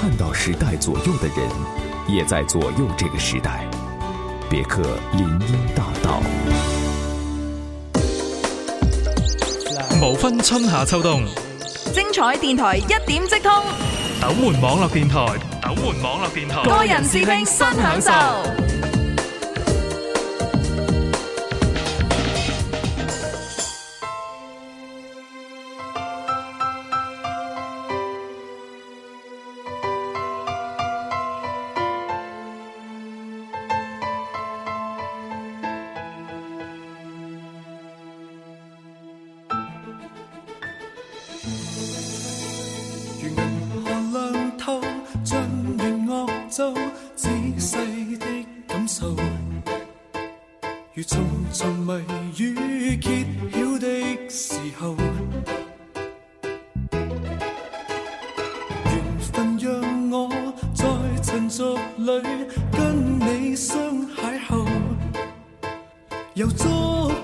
看到時代左右的人，也在左右這個時代。別克林蔭大道，無分春夏秋冬，精彩電台一點即通，斗門網絡電台，斗門網絡電台，個人視聽新享受。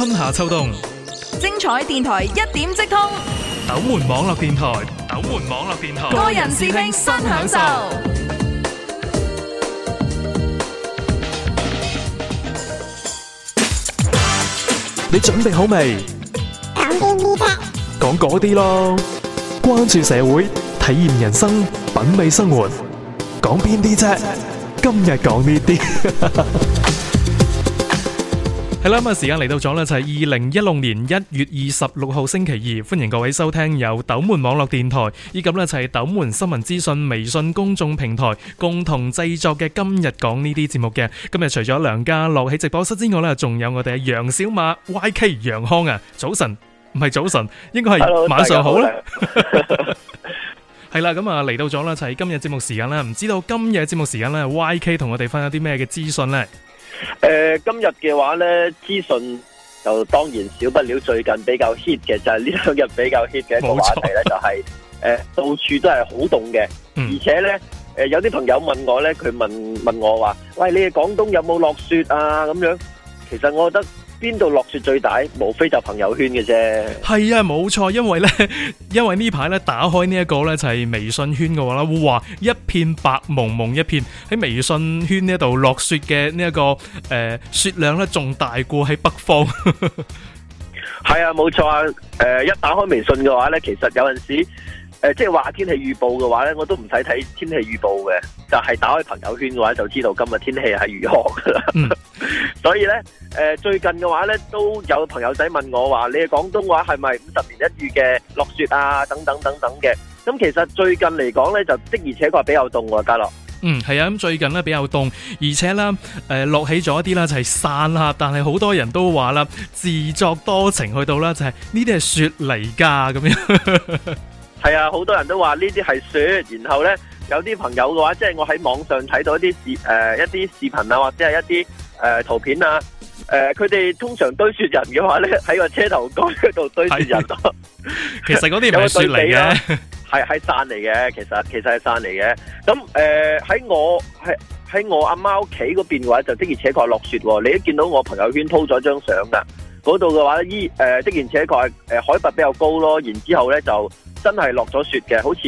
春夏秋冬，精彩電台一點即通。斗門網絡電台，斗門網絡電台，個人視聽新享受。你準備好未？講邊啲啫？講嗰啲咯。關注社會，體驗人生，品味生活。講邊啲啫？今日講呢啲。係啦，咁啊，時間嚟到咗啦，就係二零一六年一月二十六號星期二，歡迎各位收聽由斗門網絡電台，以及呢就係斗門新聞資訊微信公眾平台共同製作嘅今日講呢啲節目嘅。今日除咗梁家樂喺直播室之外呢，仲有我哋嘅楊小馬 YK 楊康啊，早晨，唔係早晨，應該係晚上好啦。係啦，咁啊， 嚟、嗯、到咗啦，就係今日節目時間啦。唔知道今日節目時間呢，YK 同我哋分享啲咩嘅資訊呢？誒、呃，今日嘅話咧，資訊就當然少不了最近比較 hit 嘅，就係呢兩日比較 hit 嘅一個話題咧，沒錯 就係、是、誒、呃、到處都係好凍嘅，嗯、而且咧誒、呃、有啲朋友問我咧，佢問問我話，喂你哋廣東有冇落雪啊咁樣？其實我覺得。邊度落雪最大？無非就朋友圈嘅啫。係啊，冇錯，因為呢因為呢排呢打開呢一個呢就係微信圈嘅話咧，哇，一片白蒙蒙一片，喺微信圈呢度落雪嘅呢一個誒、呃、雪量呢仲大過喺北方。係 啊，冇錯啊。誒、呃，一打開微信嘅話呢，其實有陣時。誒，即係話天氣預報嘅話呢，我都唔使睇天氣預報嘅，就係、是、打開朋友圈嘅話就知道今日天氣係如何噶啦。嗯、 所以呢，誒、呃、最近嘅話呢，都有朋友仔問我話，你廣東話係咪五十年一遇嘅落雪啊？等等等等嘅。咁其實最近嚟講呢，就的而且確係比較凍嘅，啊，家樂。嗯，係啊，咁最近呢，比較凍，而且呢，誒、呃、落起咗一啲啦，就係散啦。但係好多人都話啦，自作多情去到啦、就是，就係呢啲係雪嚟噶咁樣。呵呵係啊，好多人都話呢啲係雪，然後呢，有啲朋友嘅話，即係我喺網上睇到一啲視誒一啲視頻啊，或者係一啲誒、呃、圖片啊，誒佢哋通常堆雪人嘅話呢，喺個車頭蓋度堆雪人咯。其實嗰啲唔係雪嚟啊，係係山嚟嘅。其實其實係山嚟嘅。咁誒喺我喺喺我阿媽屋企嗰邊嘅話，就的而且確落雪。你一見到我朋友圈鋪咗張相噶，嗰度嘅話依誒的而且確誒海拔比較高咯，然之後咧就。真係落咗雪嘅，好似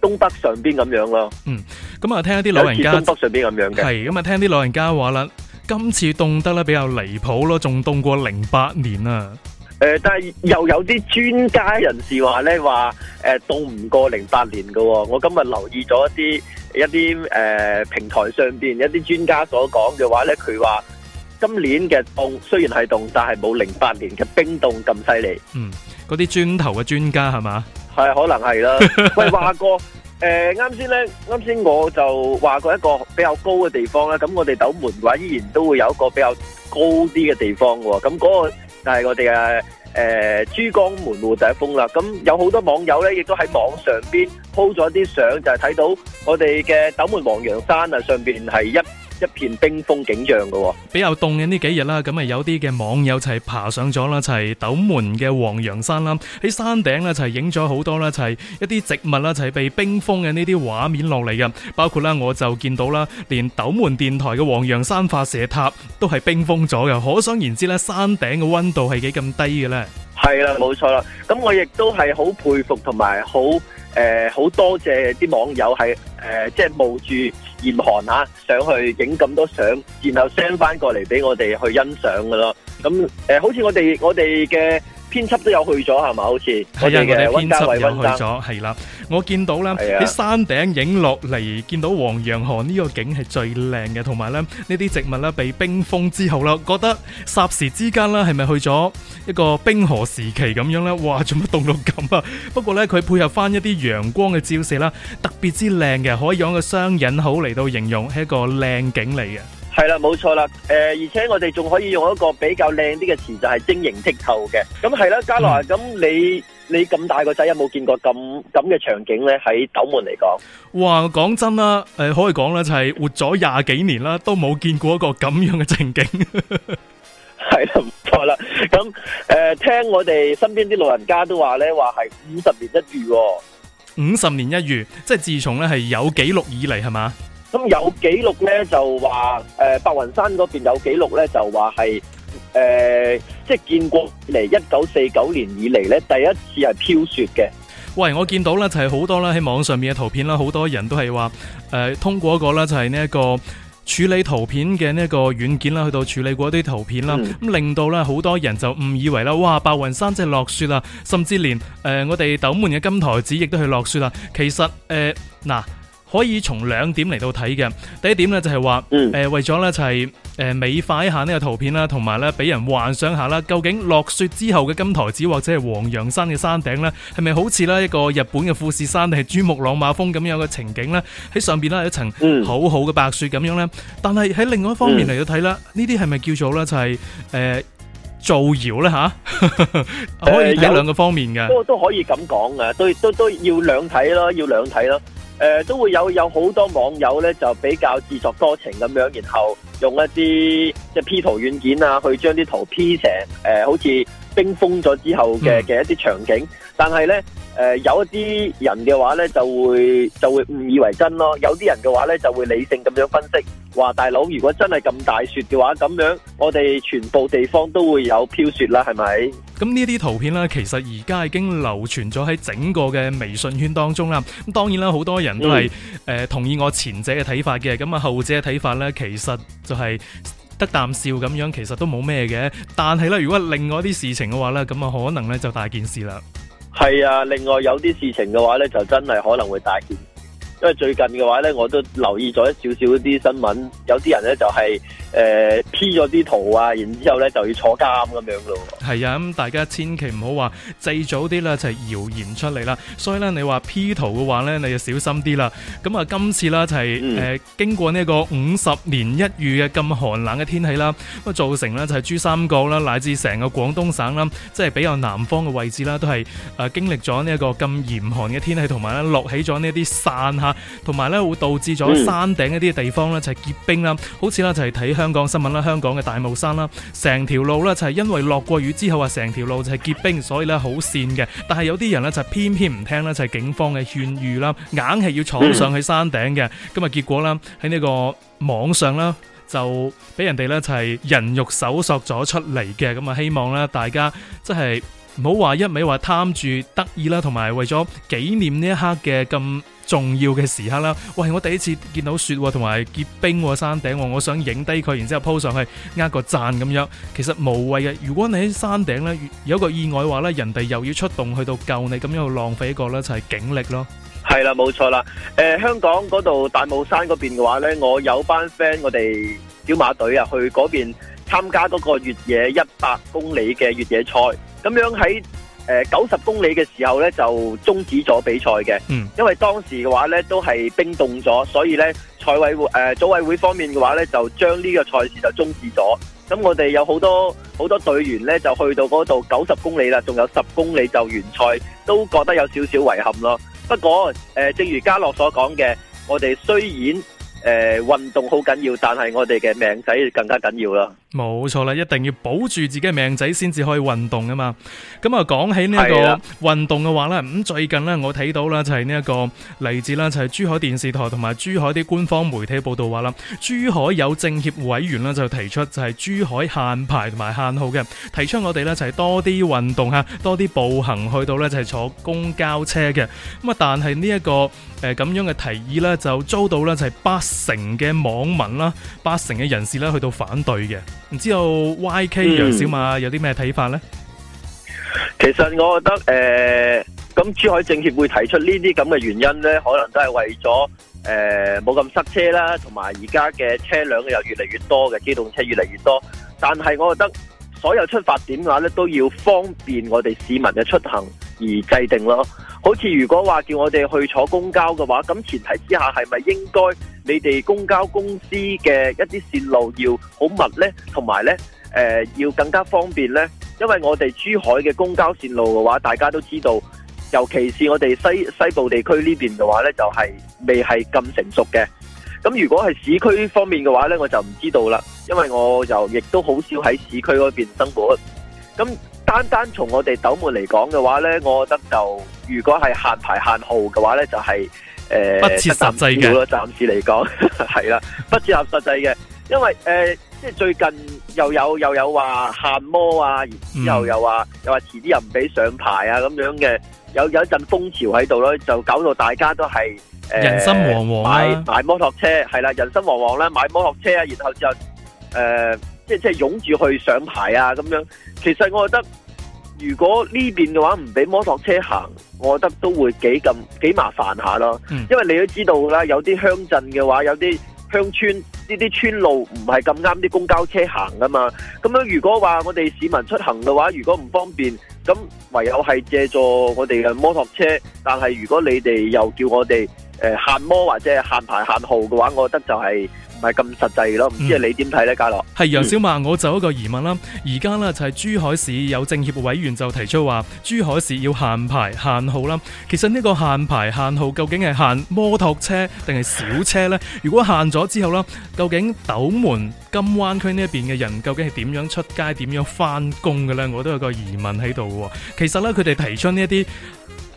東北上邊咁樣咯。嗯，咁啊，聽一啲老人家。好似東北上邊咁樣嘅。係咁啊，聽啲老人家話啦，今次凍得咧比較離譜咯，仲凍過零八年啊。誒、呃，但係又有啲專家人士話咧，話誒凍唔過零八年噶。我今日留意咗一啲一啲誒、呃、平台上邊一啲專家所講嘅話咧，佢話今年嘅凍雖然係凍，但係冇零八年嘅冰凍咁犀利。嗯，嗰啲磚頭嘅專家係嘛？係可能係啦，喂，華哥，誒啱先咧，啱先我就話過一個比較高嘅地方啦，咁我哋斗門嘅話依然都會有一個比較高啲嘅地方喎，咁嗰個就係我哋嘅誒珠江門戶第一峰啦，咁有好多網友咧，亦都喺網上邊 po 咗啲相，就係睇到我哋嘅斗門黃楊山啊，上邊係一。一片冰封景象嘅、哦，比較凍嘅呢幾日啦，咁啊有啲嘅網友就係爬上咗啦，就係、是、斗門嘅黃楊山啦，喺山頂咧就係影咗好多啦，就係一啲植物啦，就係被冰封嘅呢啲畫面落嚟嘅，包括啦我就見到啦，連斗門電台嘅黃楊山發射塔都係冰封咗嘅，可想而知咧山頂嘅溫度係幾咁低嘅咧。係啦，冇錯啦，咁我亦都係好佩服同埋好。誒，好多，呃、謝啲網友係誒，即、呃、係、就是、冒住嚴寒吓、啊，上去影咁多相，然後 send 翻過嚟俾我哋去欣賞噶咯。咁、誒、呃，好似我哋我哋嘅。編輯都有去咗係嘛？好似係啊，我哋編輯有去咗係啦。我見到咧喺、啊、山頂影落嚟，見到黃楊河呢個景係最靚嘅，同埋咧呢啲植物咧被冰封之後啦，覺得霎時之間咧係咪去咗一個冰河時期咁樣咧？哇！做乜凍到咁啊？不過咧佢配合翻一啲陽光嘅照射啦，特別之靚嘅，可以用個雙引號嚟到形容係一個靚景嚟嘅。係啦，冇錯啦，誒、呃，而且我哋仲可以用一個比較靚啲嘅詞，就係、是、晶瑩剔透嘅。咁係啦，嘉樂，咁、嗯、你你咁大個仔有冇見過咁咁嘅場景咧？喺斗門嚟講哇，講真啦，誒、呃，可以講啦，就係、是、活咗廿幾年啦， 都冇見過一個咁樣嘅情景。係 啦，唔錯啦。咁誒、呃，聽我哋身邊啲老人家都話咧，話係五十年一遇、啊，五十年一遇，即係自從咧係有記錄以嚟，係嘛？咁有記錄咧，就話誒、呃，白雲山嗰邊有記錄咧，就話係誒，即係建國嚟一九四九年以嚟咧，第一次係飄雪嘅。喂，我見到咧就係、是、好多咧喺網上面嘅圖片啦，好多人都係話誒，通過一個咧就係呢一個處理圖片嘅呢一個軟件啦，去到處理過啲圖片啦，咁、嗯、令到咧好多人就誤以為啦，哇，白雲山即係落雪啊，甚至連誒、呃、我哋斗門嘅金台寺亦都係落雪啊。其實誒嗱。呃可以從兩點嚟到睇嘅，第一點咧就係話，誒、嗯、為咗咧就係誒美化一下呢個圖片啦，同埋咧俾人幻想一下啦，究竟落雪之後嘅金台寺或者係黃楊山嘅山頂咧，係咪好似啦一個日本嘅富士山定係珠穆朗瑪峰咁樣嘅情景咧？喺上邊咧一層好好嘅白雪咁樣咧，嗯、但係喺另外一方面嚟到睇啦，呢啲係咪叫做咧就係、是、誒、呃、造謠咧吓？ 可以有兩個方面嘅，都、呃、都可以咁講嘅，都都都要兩睇咯，要兩睇咯。誒、呃、都會有有好多網友咧，就比較自作多情咁樣，然後用一啲即係 P 圖軟件啊，去將啲圖 P 成誒、呃、好似冰封咗之後嘅嘅一啲場景，但係咧。誒、呃，有一啲人嘅話呢，就會就會誤以為真咯。有啲人嘅話呢，就會理性咁樣分析，話大佬如果真係咁大雪嘅話，咁樣我哋全部地方都會有飄雪啦，係咪？咁呢啲圖片呢，其實而家已經流傳咗喺整個嘅微信圈當中啦。咁當然啦，好多人都係誒、嗯、呃、同意我前者嘅睇法嘅。咁啊，後者嘅睇法呢，其實就係得啖笑咁樣，其實都冇咩嘅。但係呢，如果另外一啲事情嘅話呢，咁啊，可能呢，就大件事啦。係啊，另外有啲事情嘅話呢，就真係可能會大件。因為最近嘅話呢，我都留意咗一少少啲新聞，有啲人呢、就是，就係。誒，P 咗啲圖啊，然之後咧，就要坐監咁樣咯。係啊，咁大家千祈唔好話製早啲啦，就係謠言出嚟啦。所以咧，你話 P 圖嘅話咧，你要小心啲啦。咁啊、就是，今次啦就係誒，經過呢個五十年一遇嘅咁寒冷嘅天氣啦，咁啊造成咧就係珠三角啦，乃至成個廣東省啦，即、就、係、是、比較南方嘅位置啦，都係誒經歷咗呢一個咁嚴寒嘅天氣，同埋咧落起咗呢啲山吓，同埋咧會導致咗山頂一啲地方咧就係結冰啦。嗯、好似啦就係睇。香港新聞啦，香港嘅大霧山啦，成條路咧就係因為落過雨之後啊，成條路就係結冰，所以咧好跣嘅。但係有啲人咧就偏偏唔聽咧，就係警方嘅勸喻啦，硬係要闖上去山頂嘅。咁啊結果咧喺呢個網上啦，就俾人哋咧就係人肉搜索咗出嚟嘅。咁啊，希望咧大家即係唔好話一味話貪住得意啦，同埋為咗紀念呢一刻嘅咁。重要嘅時刻啦，喂，我第一次見到雪同埋結冰山頂，我想影低佢，然之後 po 上去，呃個讚咁樣。其實無謂嘅，如果你喺山頂咧有一個意外話咧，人哋又要出動去到救你，咁樣浪費一個咧就係警力咯。係啦，冇錯啦。誒，香港嗰度大帽山嗰邊嘅話咧，我有班 friend，我哋小馬隊啊，去嗰邊參加嗰個越野一百公里嘅越野賽，咁樣喺。呃、九十公里嘅時候呢，就終止咗比賽嘅，嗯、因為當時嘅話呢，都係冰凍咗，所以呢，賽委會誒、呃、組委會方面嘅話呢，就將呢個賽事就終止咗。咁我哋有好多好多隊員呢，就去到嗰度九十公里啦，仲有十公里就完賽，都覺得有少少遺憾咯。不過誒、呃，正如嘉樂所講嘅，我哋雖然誒、呃、運動好緊要，但係我哋嘅命仔更加緊要啦。冇錯啦，一定要保住自己嘅命仔先至可以運動啊嘛！咁啊，講起呢一個運動嘅話呢，咁最近呢，我睇到啦，就係呢一個嚟自啦，就係珠海電視台同埋珠海啲官方媒體報道話啦，珠海有政協委員啦就提出就係珠海限牌同埋限號嘅，提倡我哋呢就係多啲運動吓，多啲步行去到呢就係坐公交車嘅。咁啊，但係呢一個誒咁樣嘅提議呢就遭到呢就係八成嘅網民啦，八成嘅人士呢去到反對嘅。唔知道 YK 楊小馬有啲咩睇法呢、嗯？其實我覺得誒，咁、呃、珠海政協會提出呢啲咁嘅原因呢，可能都係為咗誒冇咁塞車啦，同埋而家嘅車輛又越嚟越多嘅，機動車越嚟越多，但係我覺得所有出發點嘅話咧，都要方便我哋市民嘅出行而制定咯。好似如果話叫我哋去坐公交嘅話，咁前提之下係咪應該？你哋公交公司嘅一啲線路要好密咧，同埋咧，誒，要更加方便咧。因為我哋珠海嘅公交線路嘅話，大家都知道，尤其是我哋西西部地區呢邊嘅話咧，就係未係咁成熟嘅。咁如果係市區方面嘅話咧，我就唔知道啦，因為我就亦都好少喺市區嗰邊生活。咁單單從我哋斗門嚟講嘅話咧，我覺得就如果係限牌限號嘅話咧，就係。誒，不切實際嘅，暫時嚟講係啦，不切合實際嘅，因為誒，即、呃、係最近又有又有話限摩啊，然之後又話又話遲啲又唔俾上牌啊咁樣嘅，有有一陣風潮喺度咧，就搞到大家都係誒，呃、人心惶惶，啊，買買摩托車係啦，人心惶惶啦。買摩托車啊，然後就誒、呃、即係即係湧住去上牌啊咁樣，其實我覺得。如果呢邊嘅話唔俾摩托車行，我覺得都會幾咁幾麻煩下咯。嗯、因為你都知道啦，有啲鄉鎮嘅話，有啲鄉村呢啲村路唔係咁啱啲公交車行噶嘛。咁樣如果話我哋市民出行嘅話，如果唔方便，咁唯有係借助我哋嘅摩托車。但係如果你哋又叫我哋誒限摩或者係限牌限號嘅話，我覺得就係、是。唔係咁實際咯，唔知啊你點睇呢？嗯、家樂？係楊小曼，我就一個疑問啦。而家呢，就係、是、珠海市有政協委員就提出話，珠海市要限牌限號啦。其實呢個限牌限號究竟係限摩托車定係小車呢？如果限咗之後啦，究竟斗門金灣區呢一邊嘅人究竟係點樣出街、點樣返工嘅呢？我都有個疑問喺度喎。其實呢，佢哋提出呢一啲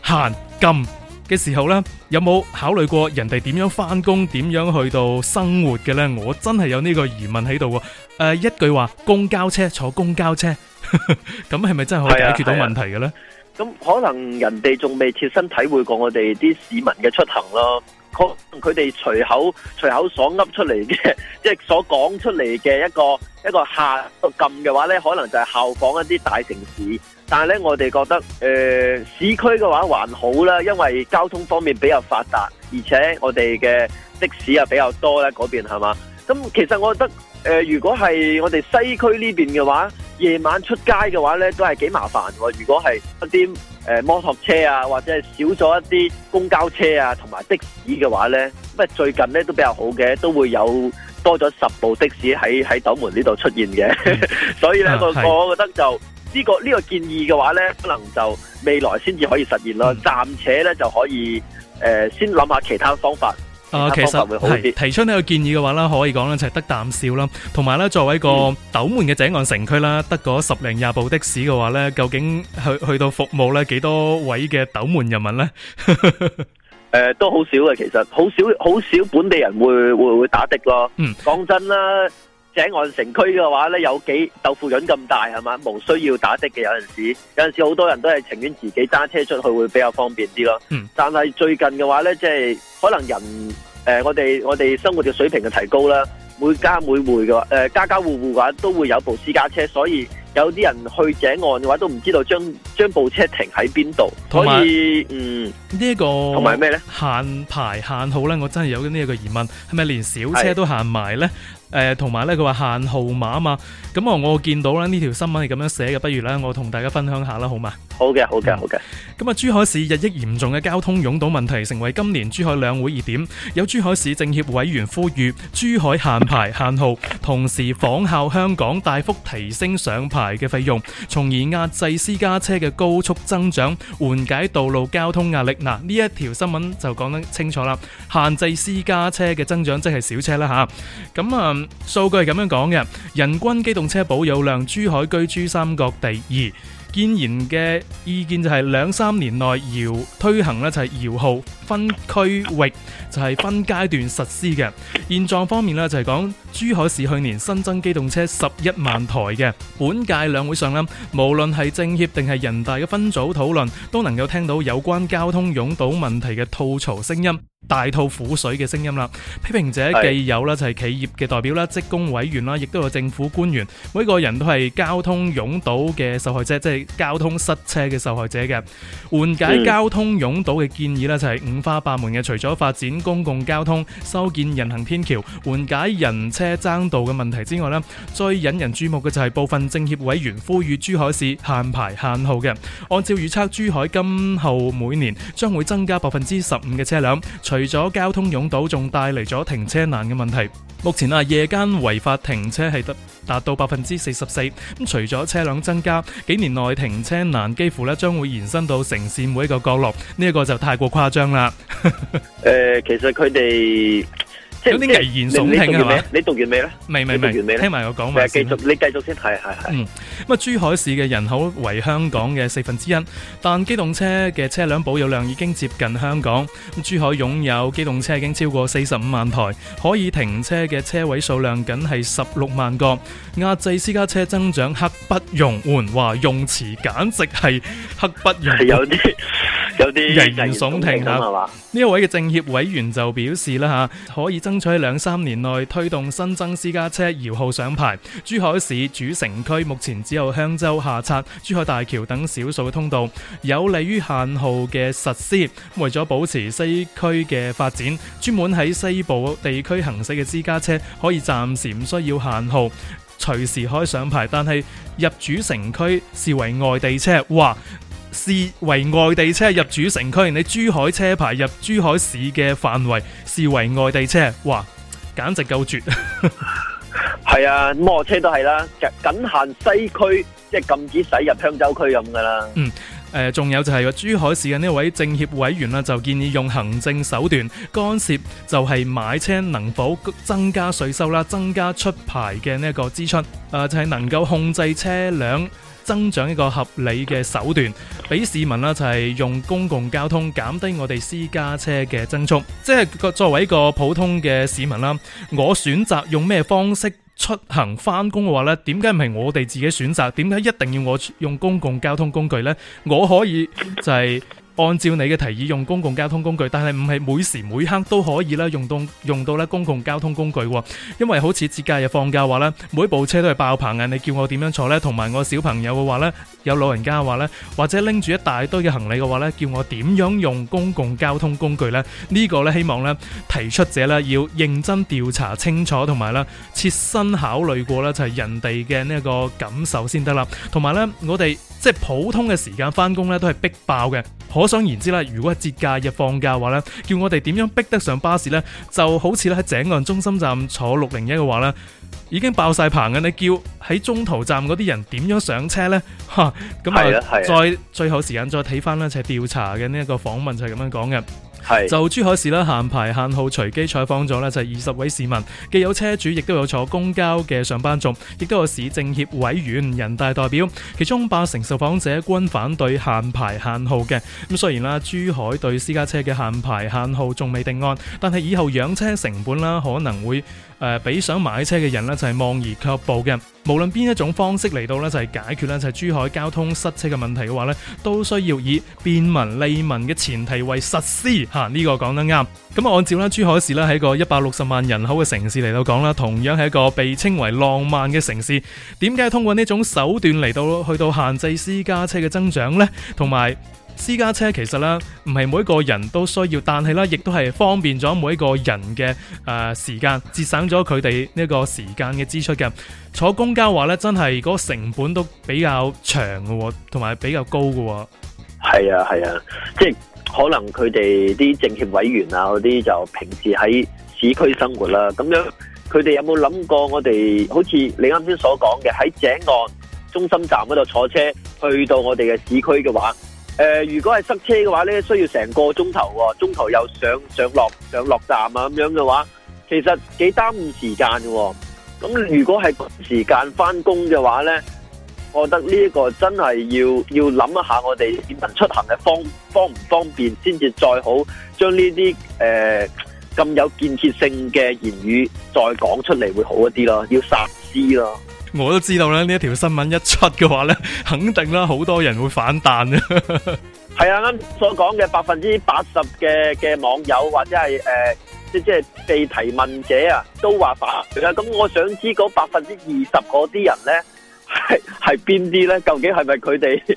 限禁嘅時候呢，有冇考慮過人哋點樣翻工、點樣去到生活嘅呢？我真係有呢個疑問喺度喎。誒、呃，一句話，公交車，坐公交車，咁係咪真係可以解決到問題嘅呢？啊，咁、啊、可能人哋仲未切身體會過我哋啲市民嘅出行咯。佢哋隨口隨口所噏出嚟嘅，即係所講出嚟嘅一個一個下噏嘅話呢，可能就係效仿一啲大城市。但係咧，我哋覺得，誒、呃，市區嘅話還好啦，因為交通方面比較發達，而且我哋嘅的，的士又比較多咧，嗰邊係嘛？咁其實我覺得，誒、呃，如果係我哋西區呢邊嘅話，夜晚出街嘅話咧，都係幾麻煩。如果係一啲誒、呃、摩托車啊，或者係少咗一啲公交車啊，同埋的士嘅話咧，不過最近咧都比較好嘅，都會有多咗十部的士喺喺斗門呢度出現嘅。嗯、所以咧，啊、我覺得就。呢個呢個建議嘅話咧，可能就未來先至可以實現咯。暫且咧就可以誒，先諗下其他方法，其他方法會好啲。其實提出呢個建議嘅話咧，可以講咧就係得啖笑啦。同埋咧，作為一個斗門嘅井岸城區啦，得嗰十零廿部的士嘅話咧，究竟去去到服務咧幾多位嘅斗門人民咧？誒，都好少嘅，其實好少好少本地人會會會打的咯。嗯，講真啦。井岸城區嘅話咧，有幾豆腐潤咁大係嘛，冇需要打的嘅。有陣時，有陣時好多人都係情願自己揸車出去，會比較方便啲咯。嗯，但係最近嘅話咧，即係可能人誒，我哋我哋生活嘅水平嘅提高啦，每家每戶嘅誒，家家戶戶嘅話都會有部私家車，所以有啲人去井岸嘅話，都唔知道將將部車停喺邊度。同埋有，嗯，這個 呢一個同埋咩咧？限牌限號咧，我真係有呢一個疑問，係咪連小車都限埋咧？的誒，同埋咧，佢話限號碼啊嘛。咁啊、嗯，我見到啦呢條新聞係咁樣寫嘅，不如咧我同大家分享下啦，好嘛？好嘅，好嘅，好嘅。咁啊，珠海市日益嚴重嘅交通擁堵問題成為今年珠海兩會熱點，有珠海市政協委員呼籲珠海限牌限號，同時仿效香港大幅提升上牌嘅費用，從而壓制私家車嘅高速增長，緩解道路交通壓力。嗱、嗯，呢一條新聞就講得清楚啦，限制私家車嘅增長即係少車啦嚇。咁、嗯、啊、嗯，數據係咁樣講嘅，人均機動車保有量，珠海居珠三角第二。建言嘅意見就係兩三年內搖推行咧，就係、是、搖號分區域，就係、是、分階段實施嘅。現狀方面呢，就係、是、講珠海市去年新增機動車十一萬台嘅。本屆兩會上咧，無論係政協定係人大嘅分組討論，都能夠聽到有關交通擁堵問題嘅吐槽聲音。大吐苦水嘅聲音啦，批評者既有啦就係企業嘅代表啦、職工委員啦，亦都有政府官員，每個人都係交通擁堵嘅受害者，即係交通塞車嘅受害者嘅。緩解交通擁堵嘅建議咧就係五花八門嘅，除咗發展公共交通、修建人行天橋、緩解人車爭道嘅問題之外呢，最引人注目嘅就係部分政協委員呼籲珠海市限牌限號嘅。按照預測，珠海今後每年將會增加百分之十五嘅車輛。除咗交通擁堵，仲帶嚟咗停車難嘅問題，目前啊，夜間違法停車係達得到百分之四十四。咁除咗車輛增加，幾年內停車難幾乎咧將會延伸到城市每一個角落。呢一個就太過誇張啦。誒、 呃，其實佢哋。有啲危言聳聽啊嘛！你讀完未咧？未未未，聽埋我講埋先。繼續，你繼續先睇，係係。嗯，咁啊，珠海市嘅人口為香港嘅四分之一，但機動車嘅車輛保有量已經接近香港。咁珠海擁有機動車已經超過四十五萬台，可以停車嘅車位數量僅係十六萬個，壓制私家車增長，刻不容緩。話用詞簡直係刻不容有啲。有啲危言聳聽吓，呢一位嘅政協委員就表示啦吓，可以爭取兩三年內推動新增私家車搖號上牌。珠海市主城區目前只有香洲、下策、珠海大橋等少數嘅通道，有利於限號嘅實施。為咗保持西區嘅發展，專門喺西部地區行駛嘅私家車可以暫時唔需要限號，隨時可以上牌。但係入主城區視為外地車，哇！視為外地車入主城區，你珠海車牌入珠海市嘅範圍視為外地車，哇，簡直夠絕！係啊，摩托車都係啦，僅限西區，即係禁止駛入香洲區咁噶啦。嗯，誒、呃，仲有就係個珠海市嘅呢位政協委員啦、啊，就建議用行政手段干涉，就係買車能否增加稅收啦，增加出牌嘅呢個支出，誒、呃，就係、是、能夠控制車輛。增長一個合理嘅手段，俾市民啦，就係用公共交通減低我哋私家車嘅增速。即係個作為一個普通嘅市民啦，我選擇用咩方式出行翻工嘅話呢，點解唔係我哋自己選擇？點解一定要我用公共交通工具呢？我可以就係、是。按照你嘅提議用公共交通工具，但係唔係每時每刻都可以用到用到咧公共交通工具喎。因為好似節假日放假嘅話咧，每部車都係爆棚嘅。你叫我點樣坐呢？同埋我小朋友嘅話呢，有老人家嘅話呢，或者拎住一大堆嘅行李嘅話呢，叫我點樣用公共交通工具呢？呢、呢個呢，希望呢提出者呢要認真調查清楚，同埋呢切身考慮過呢，就係、係、人哋嘅呢個感受先得啦。同埋呢，我哋。即係普通嘅時間翻工咧，都係逼爆嘅。可想而知啦，如果係節假日放假嘅話咧，叫我哋點樣逼得上巴士呢？就好似咧喺井岸中心站坐六零一嘅話咧。已經爆晒棚嘅，你叫喺中途站嗰啲人點樣上車呢？吓咁啊！再最後時間再睇翻呢，就係、是、調查嘅呢一個訪問就係咁樣講嘅。係的就珠海市啦限牌限號隨機採訪咗呢，就係二十位市民，既有車主，亦都有坐公交嘅上班族，亦都有市政協委員、人大代表。其中八成受訪者均反對限牌限號嘅。咁雖然啦，珠海對私家車嘅限牌限號仲未定案，但係以後養車成本啦可能會。誒，呃、比想買車嘅人呢，就係、是、望而卻步嘅，無論邊一種方式嚟到呢就係、是、解決呢，就係、是、珠海交通塞車嘅問題嘅話呢都需要以便民利民嘅前提為實施吓，呢、啊這個講得啱。咁、嗯、啊，按照呢，珠海市呢喺個一百六十萬人口嘅城市嚟到講啦，同樣係一個被稱為浪漫嘅城市，點解通過呢種手段嚟到去到限制私家車嘅增長呢？同埋。私家車其實咧唔係每一個人都需要，但係咧亦都係方便咗每一個人嘅誒、呃、時間，節省咗佢哋呢個時間嘅支出嘅。坐公交話咧，真係嗰個成本都比較長嘅、哦，同埋比較高嘅、哦。係啊係啊，即係可能佢哋啲政協委員啊嗰啲，就平時喺市區生活啦、啊。咁樣佢哋有冇諗過我哋？好似你啱先所講嘅，喺井岸中心站嗰度坐車去到我哋嘅市區嘅話。誒、呃，如果係塞車嘅話呢，需要成個鐘頭、哦，鐘頭又上上落上落站啊咁樣嘅話，其實幾耽誤時間嘅、哦。咁如果係時間返工嘅話呢，我覺得呢個真係要要諗一下我哋市民出行嘅方方唔方便，先至再好將呢啲誒咁有建設性嘅言語再講出嚟，會好一啲咯，要散之咯。我都知道啦，呢一條新聞一出嘅話咧，肯定啦，好多人會反彈。係啊，啱所講嘅百分之八十嘅嘅網友或者係誒、呃，即係被提問者啊，都話罷。咁我想知嗰百分之二十嗰啲人咧，係係邊啲咧？究竟係咪佢哋？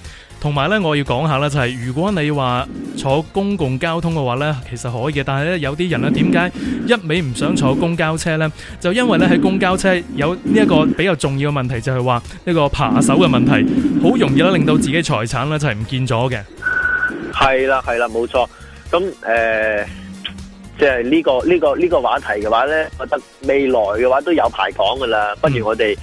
同埋咧，我要講下咧，就係如果你話坐公共交通嘅話咧，其實可以嘅。但係咧，有啲人咧，點解一味唔想坐公交車呢？就因為咧喺公交車有呢一個比較重要嘅問題，就係話呢個扒手嘅問題，好容易咧令到自己財產咧就係唔見咗嘅。係啦係啦，冇錯。咁誒，即係呢個呢個呢個話題嘅話呢，我覺得未來嘅話都有排講噶啦。不如我哋。嗯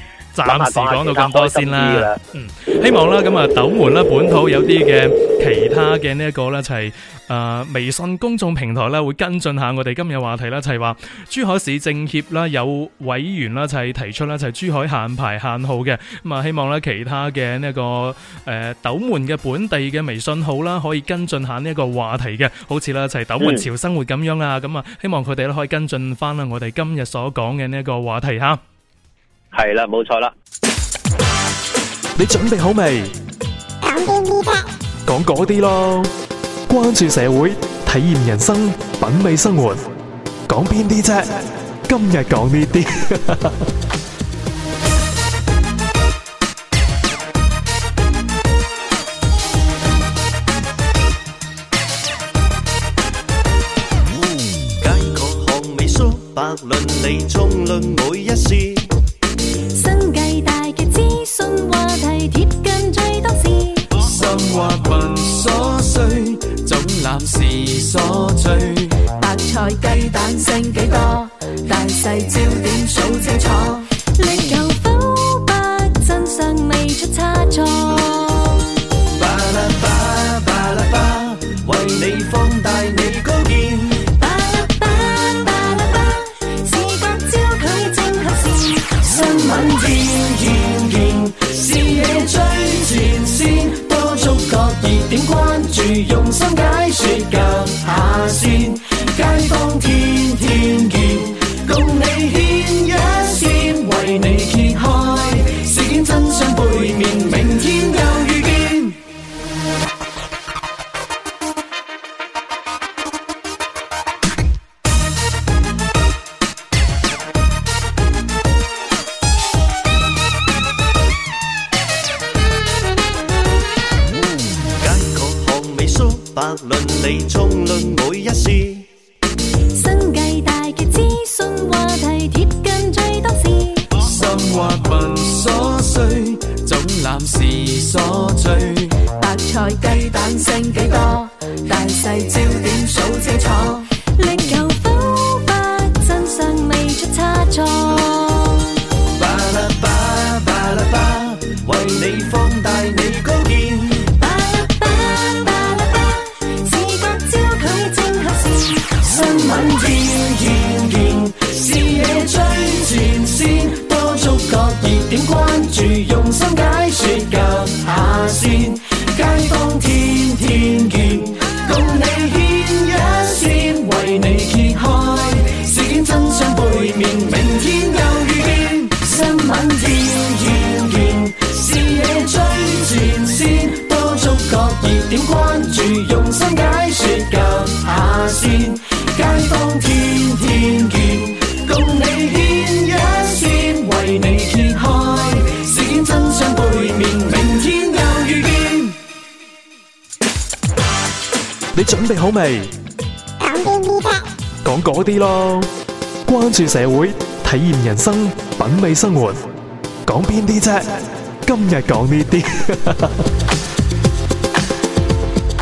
暫時講到咁多先啦，嗯，希望啦咁啊斗門啦本土有啲嘅其他嘅呢一個咧就係、是、誒、呃、微信公眾平台咧會跟進下我哋今日話題啦，就係、是、話珠海市政協啦有委員啦就係、是、提出啦就係、是、珠海限牌限號嘅，咁啊希望咧其他嘅呢一個誒、呃、斗門嘅本地嘅微信號啦可以跟進下呢一個話題嘅，好似啦就係斗門潮生活咁樣啊，咁啊、嗯、希望佢哋咧可以跟進翻啦我哋今日所講嘅呢一個話題哈。係啦，冇錯啦。你準備好未？講邊啲啫？講嗰啲咯。關注社會，體驗人生，品味生活。講邊啲啫？今日講呢啲。街角巷尾疏，百論里，眾論每一事。生計大計資訊話題貼近最多事，心或困瑣碎，總難是所趣。白菜雞蛋剩幾多？大細焦點數清楚。雞蛋升幾多？大細焦點數清楚。講邊啲啫？講嗰啲咯。關注社會，體驗人生，品味生活。講邊啲啫？今日講呢啲。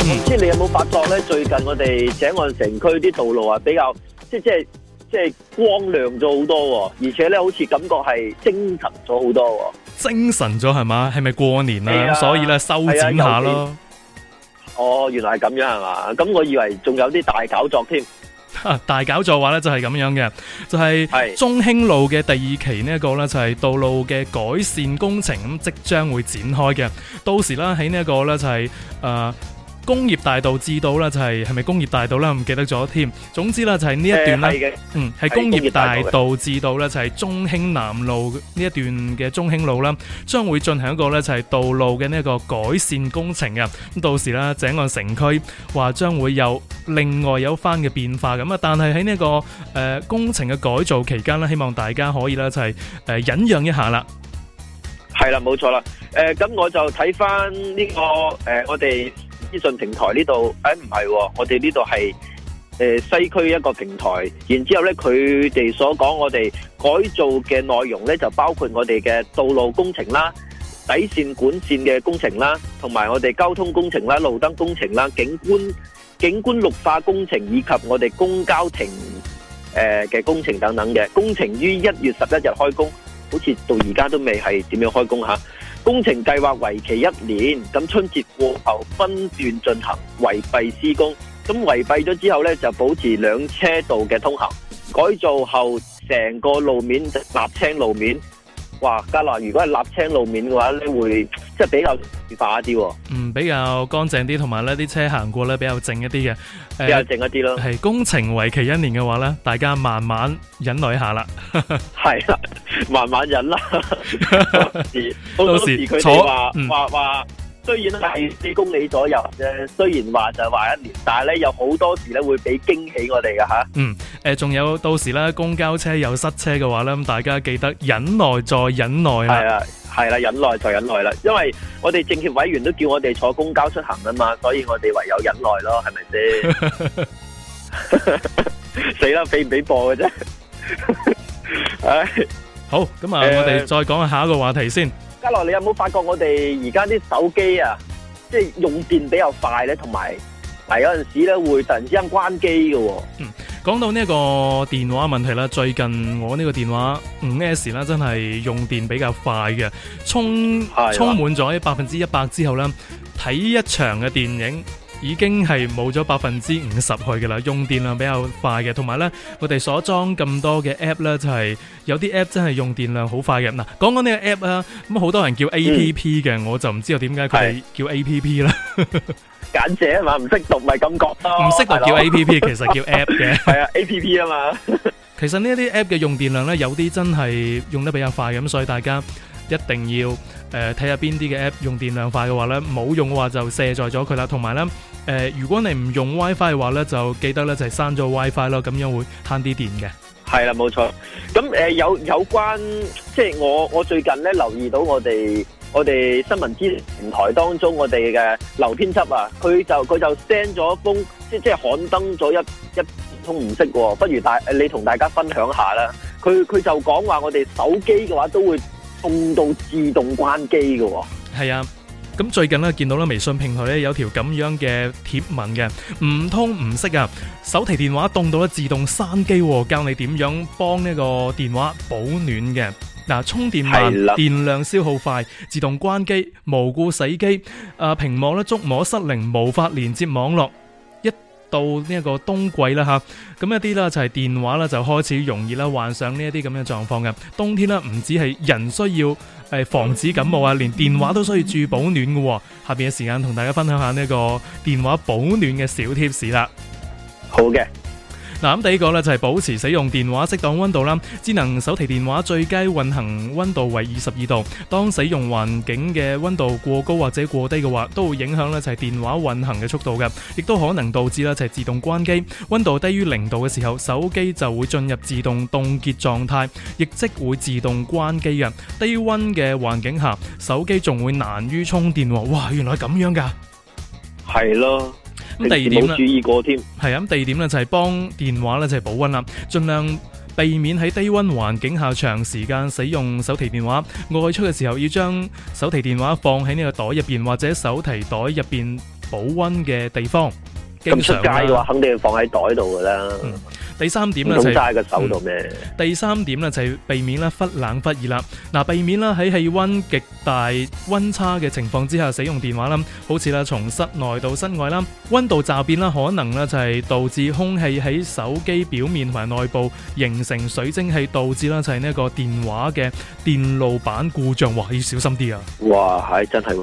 唔知、嗯、你有冇發覺咧？最近我哋井岸城區啲道路啊，比較即係即係即係光亮咗好多，而且咧好似感覺係精神咗好多。精神咗係嘛？係咪過年啦？咁、啊、所以咧，修剪下咯。哦，原來係咁樣係嘛？咁我以為仲有啲大搞作添，啊，大搞作的話呢，就係咁樣嘅，就係中興路嘅第二期呢一個呢就係道路嘅改善工程，咁即將會展開嘅，到時啦喺呢一個呢就係、是、誒。呃工業大道至到咧就係係咪工業大道咧？唔記得咗添。總之咧就係呢一段咧，嗯，係工業大道至到咧就係中興南路呢一段嘅中興路啦，將會進行一個咧就係道路嘅呢一個改善工程啊。咁到時啦，井岸城區話將會有另外有翻嘅變化咁啊。但係喺呢個誒工程嘅改造期間咧，希望大家可以咧就係誒忍讓一下啦。係啦，冇錯啦。誒咁我就睇翻呢個誒我哋。資訊平台呢度，誒唔係，我哋呢度係誒西區一個平台。然之後呢，佢哋所講我哋改造嘅內容呢，就包括我哋嘅道路工程啦、底線管線嘅工程啦，同埋我哋交通工程啦、路燈工程啦、景觀景觀綠化工程以及我哋公交亭誒嘅工程等等嘅工程。於一月十一日開工，好似到而家都未係點樣開工吓，啊。工程計劃為期一年，咁春節過後分段進行圍蔽施工，咁圍蔽咗之後咧就保持兩車道嘅通行。改造後成個路面瀝青路面。哇，加落，如果係瀝青路面嘅話咧，會即係比較滑一啲，哦，嗯，比較乾淨啲，同埋咧啲車行過咧比較靜一啲嘅，比較靜一啲咯。係、呃、工程為期一年嘅話咧，大家慢慢忍耐下啦。係 啦，啊，慢慢忍啦。到 時到 時佢話話話。坐雖然係四公里左右啫，雖然話就話一年，但係咧有好多時咧會俾驚喜我哋嘅吓。啊、嗯，誒、呃，仲有到時咧公交車有塞車嘅話咧，咁大家記得忍耐再忍耐係啊！係啊，係啦，忍耐再忍耐啦，因為我哋政協委員都叫我哋坐公交出行啊嘛，所以我哋唯有忍耐咯，係咪先？死啦， 俾唔俾播嘅啫？唉， 好，咁啊，我哋再講下一個話題先。家樂，你有冇發覺我哋而家啲手機啊，即係用電比較快咧，同埋，還有陣時咧會突然之間關機嘅。嗯，講到呢個電話問題啦，最近我呢個電話五 S 啦，真係用電比較快嘅，充吧充滿咗百分之一百之後咧，睇一場嘅電影。已經係冇咗百分之五十去㗎啦，用電量比較快嘅，同埋呢，我哋所裝咁多嘅 app 呢，就係、是、有啲 app 真係用電量好快嘅。嗱，講講呢個 app 啊，咁好多人叫 A P P 嘅，嗯、我就唔知道點解佢係叫 A P P 啦。是 簡寫啊嘛，唔識讀咪咁覺得讀 APP, 的。唔識就叫 A P P，其實叫 app 嘅。係啊，A P P 啊嘛。其實呢啲 app 嘅用電量呢，有啲真係用得比較快咁，所以大家。一定要誒睇下邊啲嘅 app 用電量快嘅話咧，冇用嘅話就卸載咗佢啦。同埋咧誒，如果你唔用 WiFi 嘅話咧，就記得咧就係關咗 WiFi 咯，咁樣會慳啲電嘅。係啦，冇錯。咁誒有有關即係我我最近咧留意到我哋我哋新聞資訊台當中我哋嘅劉編輯啊，佢就佢就 send 咗一封即即係刊登咗一一篇通唔識喎，不如大你同大家分享下啦。佢佢就講話我哋手機嘅話都會。凍到自動關機嘅，係啊！咁最近咧見到咧微信平台咧有條咁樣嘅貼文嘅，唔通唔識啊？手提電話凍到咧自動閂機，教你點樣幫呢個電話保暖嘅。嗱，充電慢，電量消耗快，自動關機，無故死機，啊，屏幕咧觸摸失靈，無法連接網絡。到呢一個冬季啦吓，咁一啲啦就係電話啦就開始容易啦患上呢一啲咁嘅狀況嘅。冬天啦唔止係人需要誒防止感冒啊，連電話都需要注意保暖嘅。下邊嘅時間同大家分享一下呢個電話保暖嘅小貼士啦。好嘅。嗱，咁第一個咧，就係保持使用電話適當溫度啦，智能手提電話最佳運行溫度為二十二度。當使用環境嘅溫度過高或者過低嘅話，都會影響咧，就係電話運行嘅速度嘅，亦都可能導致啦就係自動關機。溫度低於零度嘅時候，手機就會進入自動凍結狀態，亦即會自動關機嘅。低溫嘅環境下，手機仲會難於充電哦。哇，原來咁樣噶？係咯。咁第二點呢，注意過添，第二點咧，就係幫電話咧，就係保溫啦，盡量避免喺低溫環境下長時間使用手提電話。外出嘅時候，要將手提電話放喺呢個袋入邊或者手提袋入邊保溫嘅地方。咁出街嘅話，肯定放喺袋度噶啦。第三點咧就係，大個手度咩？第三點咧就係避免啦忽冷忽熱啦。嗱，避免啦喺氣溫極大溫差嘅情況之下使用電話啦。好似啦從室內到室外啦，溫度驟變啦，可能咧就係導致空氣喺手機表面同埋內部形成水蒸氣，導致啦就係呢個電話嘅電路板故障。哇，要小心啲啊！哇，係真係。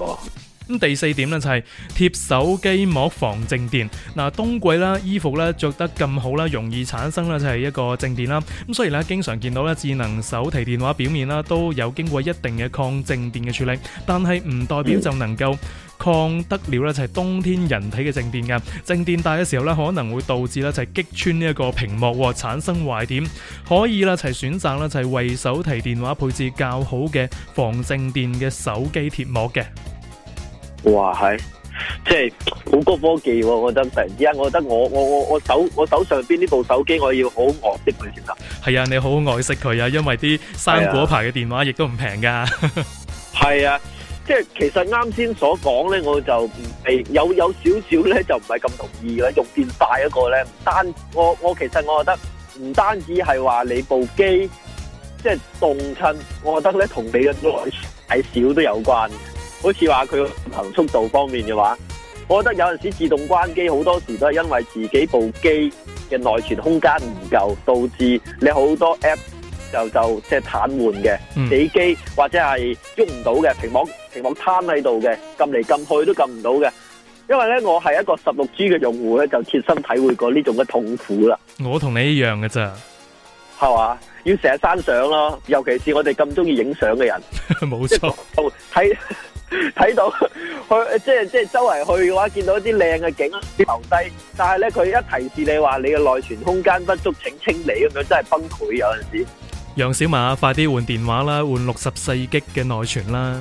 咁第四點咧就係貼手機膜防靜電。嗱，冬季啦，衣服咧著得咁好啦，容易產生咧就係一個靜電啦。咁所以咧，經常見到咧智能手提電話表面啦都有經過一定嘅抗靜電嘅處理，但係唔代表就能夠抗得了咧，就係冬天人體嘅靜電嘅靜電大嘅時候咧可能會導致咧就係擊穿呢一個屏幕產生壞點。可以啦，就係選擇咧就係為手提電話配置較好嘅防靜電嘅手機貼膜嘅。哇，係即係好高科技，我覺得突然之間，我覺得我我我我手我手上邊呢部手機，我要好好愛惜佢先得。係啊，你好好愛惜佢啊，因為啲生果牌嘅電話亦都唔平噶。係 啊，即係其實啱先所講咧，我就誒有有少少咧，就唔係咁同意啦。用電快一個咧，唔單我我其實我覺得唔單止係話你部機即係凍親，我覺得咧同你嘅大小都有關。好似話佢行速度方面嘅話，我覺得有陣時自動關機好多時都係因為自己部機嘅內存空間唔夠，導致你好多 app 就就即係癱瘓嘅死機，嗯、或者係喐唔到嘅屏幕屏幕攤喺度嘅撳嚟撳去都撳唔到嘅。因為咧我係一個十六 G 嘅用戶咧，就切身體會過呢種嘅痛苦啦。我同你一樣嘅咋，係嘛？要成日刪相咯，尤其是我哋咁中意影相嘅人，冇錯，睇。睇 到去即係即係周圍去嘅話，見到一啲靚嘅景，留低。但係咧，佢一提示你話你嘅內存空間不足，請清理咁樣，真係崩潰。有陣時，楊小馬快啲換電話啦，換六十四 G 嘅內存啦。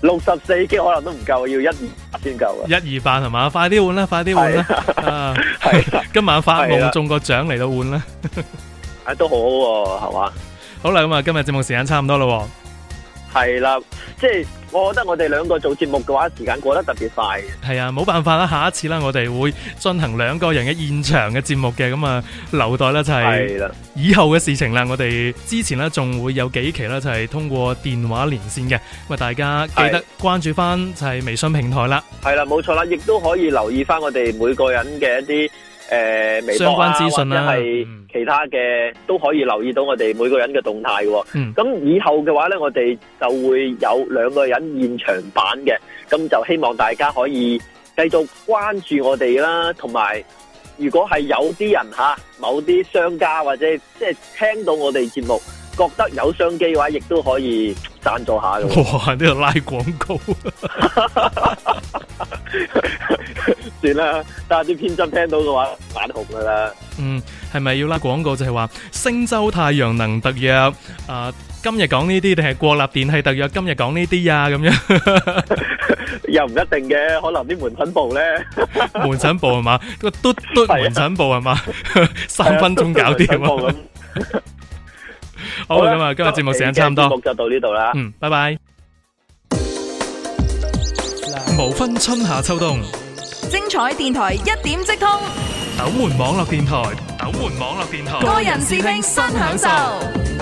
六十四 G 可能都唔夠，要一二八先夠。一二八係嘛？快啲換啦，快啲換啦。係今晚發夢中個獎嚟到換啦，都好好係嘛？好啦，咁啊，今日節目時間差唔多啦。係啦，即係我覺得我哋兩個做節目嘅話，時間過得特別快嘅。係啊，冇辦法啦，下一次啦，我哋會進行兩個人嘅現場嘅節目嘅，咁啊留待啦就係以後嘅事情啦。的我哋之前呢，仲會有幾期呢就係通過電話連線嘅，咁啊大家記得關注翻就係微信平台啦。係啦，冇錯啦，亦都可以留意翻我哋每個人嘅一啲。誒、呃，微博啊，相關資訊啊或者係其他嘅都可以留意到我哋每個人嘅動態嘅喎。咁、嗯、以後嘅話呢，我哋就會有兩個人現場版嘅，咁就希望大家可以繼續關注我哋啦。同埋，如果係有啲人吓，某啲商家或者即係聽到我哋節目，覺得有商機嘅話，亦都可以。贊助下嘅，哇！呢度拉廣告，算啦。但係啲編輯聽到嘅話，眼紅噶啦。嗯，係咪要拉廣告？就係話星洲太陽能特約。誒，今日講呢啲定係國立電器特約？今日講呢啲啊，咁樣又唔一定嘅。可能啲門診部咧，門診部係嘛？個嘟嘟門診部係嘛？三分鐘搞掂啊！好啦，咁啊，今日節目時間差唔多，節目就到呢度啦。嗯，拜拜。無分春夏秋冬，精彩電台一點即通。斗門網絡電台，斗門網絡電台，個人視聽新享受。